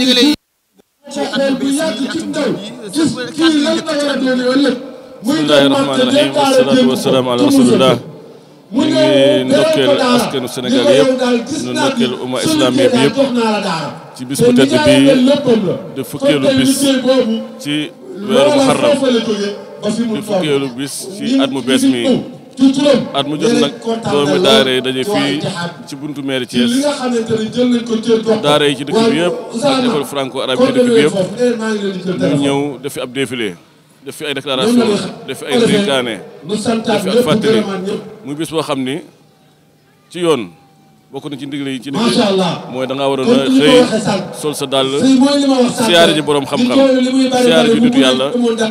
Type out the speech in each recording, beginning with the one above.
ñu ngi lay. bismillahi rahmaani rahim wasalaatu wasalaam ala rasulillah ñu ngi ndokkeel askanu Sénégal yëpp ñu ndokkeel umma islamiya bi yëpp ci bis bu tedd bi de fukkeelu bis ci weeru muharram de fukkeelu bis ci at mu bees mi. at mu jot nag doomi daara yi daje fii ci buntu mairie Thiès daara yi ci dëkk bi yëpp ak école franco arabe ci dëkk bi yëpp ñëw def fi ab défilé def fi ay déclaration def fi ay dénkaane def fi ak fàttali muy bis boo xam ni ci yoon. bokk na ci ndigle yi ci liggéey macha allah mooy da ngaa war a xëy sol sa dàll siyaare ji borom xam-xam siyaare ji nitu yàlla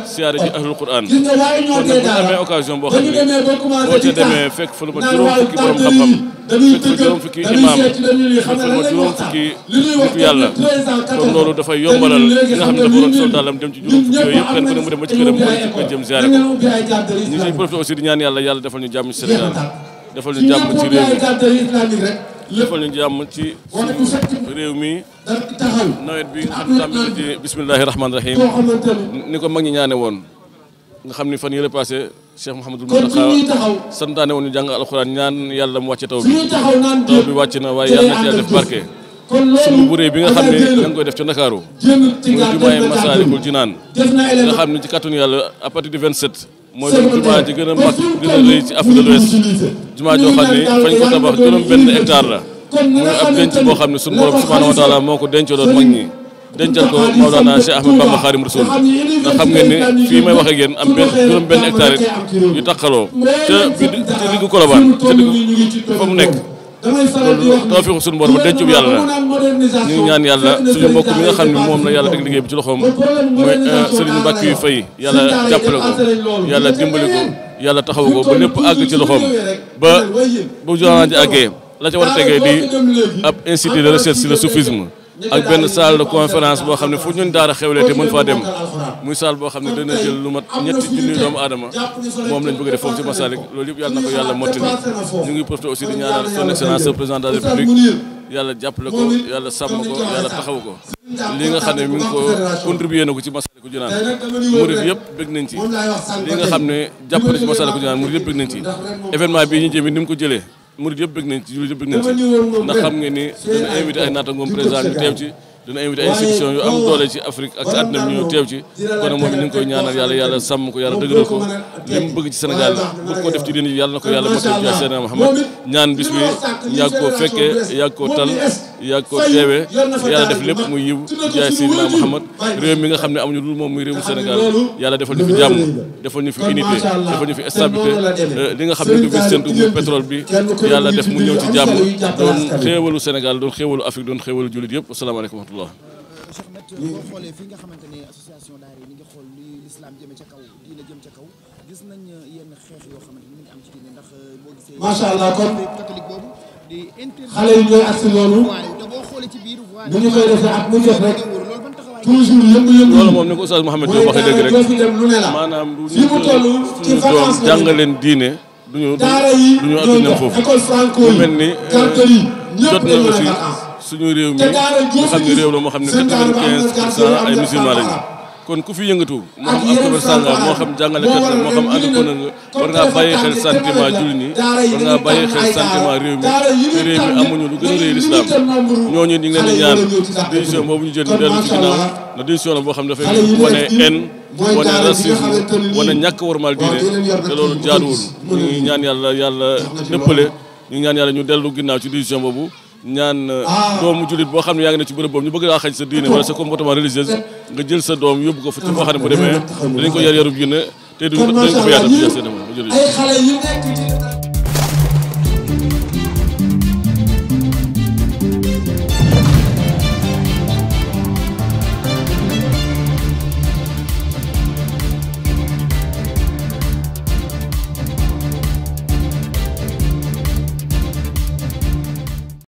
siyaare ji ahlul quran kon nag bu amee occasion boo xam ne boo ca demee fekk fa lu ma juróom fukki borom xam-xam fekk fa juróom fukki imaam fekk fa ma juróom fukki nitu yàlla kon loolu dafay yombalal ki nga xam ne dafa doon sol dàllam dem ci juróom fukki yooyu yëpp kenn ku ne mu dem ba ci këram mu ci ko jëm siyaare ko ñu ciy profité aussi di ñaan yàlla yàlla defal ñu jàmm ci Sénégal defal ñu jàmm ci réew mi defal ñu jàmm ci suñu réew mi nawet bi nga xam tàmbali ci bismillahi rahmaani rahim ni ko mag ñi ñaane woon nga xam ni fan yële passé Cheikh Mouhamadul Mountakha santaane woon ñu jàng alxuraan ñaan yàlla mu wàcce taw bi taw bi wàcc na waaye yàlla na ci yàlla def barke suñu bu bi nga xam ne da nga koy def ca Ndakaaru muy jumaay Masaalikul Jinaan nga xam ne ci kàttanu yàlla à partir vingt 27 mooy doon jumaa ji gën a mag a rëy ci Afrique de l'Ouest jumaa joo xam ne fañ ko tabax juróom benn hectare la muy ab denc boo xam ne suñu borom subhanahu wa moo ko dencoo doon mag ñi dencal ko Mawlana Cheikh Ahmed Bamba Xaadim Rasul ndax xam ngeen ne fii may wax ak am benn juróom benn hectare yu taqaloo ca bi ca diggu Colobane ca diggu fa mu nekk loolu tawfiixu suñu borom denc bi yàlla ñu ñaan yàlla suñu mbokk mi nga xam ne moom la yàlla teg liggéey bi ci loxoom mooy sëriñ Mbàkke yu fay yàlla jàppale ko yàlla dimbali ko yàlla taxaw ko ba lépp àgg ci loxoom ba bu joxaan ci àggee la ca war a tegee di ab institut la recherche sur le ak benn salle de conférence boo xam ne fu ñun daara xewlee te mën faa dem muy salle boo xam ne dana jël lu mat ñetti moom lañ bëgg a ci Massalik loolu yëpp yàlla na ko yàlla mottali ñu ngi profité aussi di ñaanal son excellence président de la république yàlla jàppale ko yàlla sàmm ko yàlla taxaw ko li nga xam ne mi ngi ko contribué na ko ci Massalikul Jinaan murid yëpp bëgg nañ ci li nga xam ne jàpp na ci Massalikul Jinaan murid yëpp bëgg nañ ci événement bii ñu jëmi ni mu ko jëlee murid yëpp bëgg nañ ci jullit yëpp bëgg nañ ci ndax xam nga ni dana invité ay naataangoom président ñu teew dina invité ay institution yu am doole ci Afrique ak ci àddina bi ñu teew ci kon moom ñu koy ñaanal yàlla yàlla sàmm ko yàlla dëgëral ko li mu bëgg ci Sénégal bëgg ko def ci diine ji yàlla na ko yàlla ñaan bi yàgg koo fekkee yàgg koo tal yàgg koo teewee lépp muy yiw jaay Seydina Muhammad réew mi nga xam ne amuñu lu moom muy réewu Sénégal yàlla defal ñu fi jàmm defal ñu fi unité defal ñu fi stabilité li nga xam ne du fi séntu muy pétrole bi yàlla def mu ñëw ci jàmm doon xéewalu Sénégal doon xéewalu Afrique doon xéewalu jullit yëpp asalaamaaleykum الله ما شاء الله كون خالي نيو اكسي لولو دابا خولي تي بير فوالا ني كاي ديف اك ني ديف رك توجور ييم ييم لولو موم نيكو استاذ محمد دو واخا ديغ رك مانام دو ني تولو تي فاكانس جانغالين دينه دو نيو دو نيو ادنا فوف ايكول فرانكو ملني كارتري نيو تولو suñu réew mi nga xam ne réew la moo xam ne quatre-vingt-quinze pour cent ay musulman lañu kon ku fi yëngatu moo xam ab commerçant moo xam jàngalekat la moo xam entrepreneur nga war ngaa bàyyi xel sentiment julli nii war ngaa bàyyi te réew a réy lislaam ñu ngi leen ñu jël ñu dellu ci ginnaaw na décision la boo xam ne dafay wane en wane racisme wane ñàkk warmal diine te loolu yàlla yàlla dëppale ñu ñu dellu ginnaaw ci décision boobu ñaan euh, ah. doomu julit boo xam ne yaa ngi ne ci bërëb boobu ñu bëgg laa xañ sa diine wala sa comportement religieuse nga jël sa doom yóbbu ko fa ci boo xam ne bu ko yar yarub yi ne te duñ ko fa yaatal bi seen jërëjëf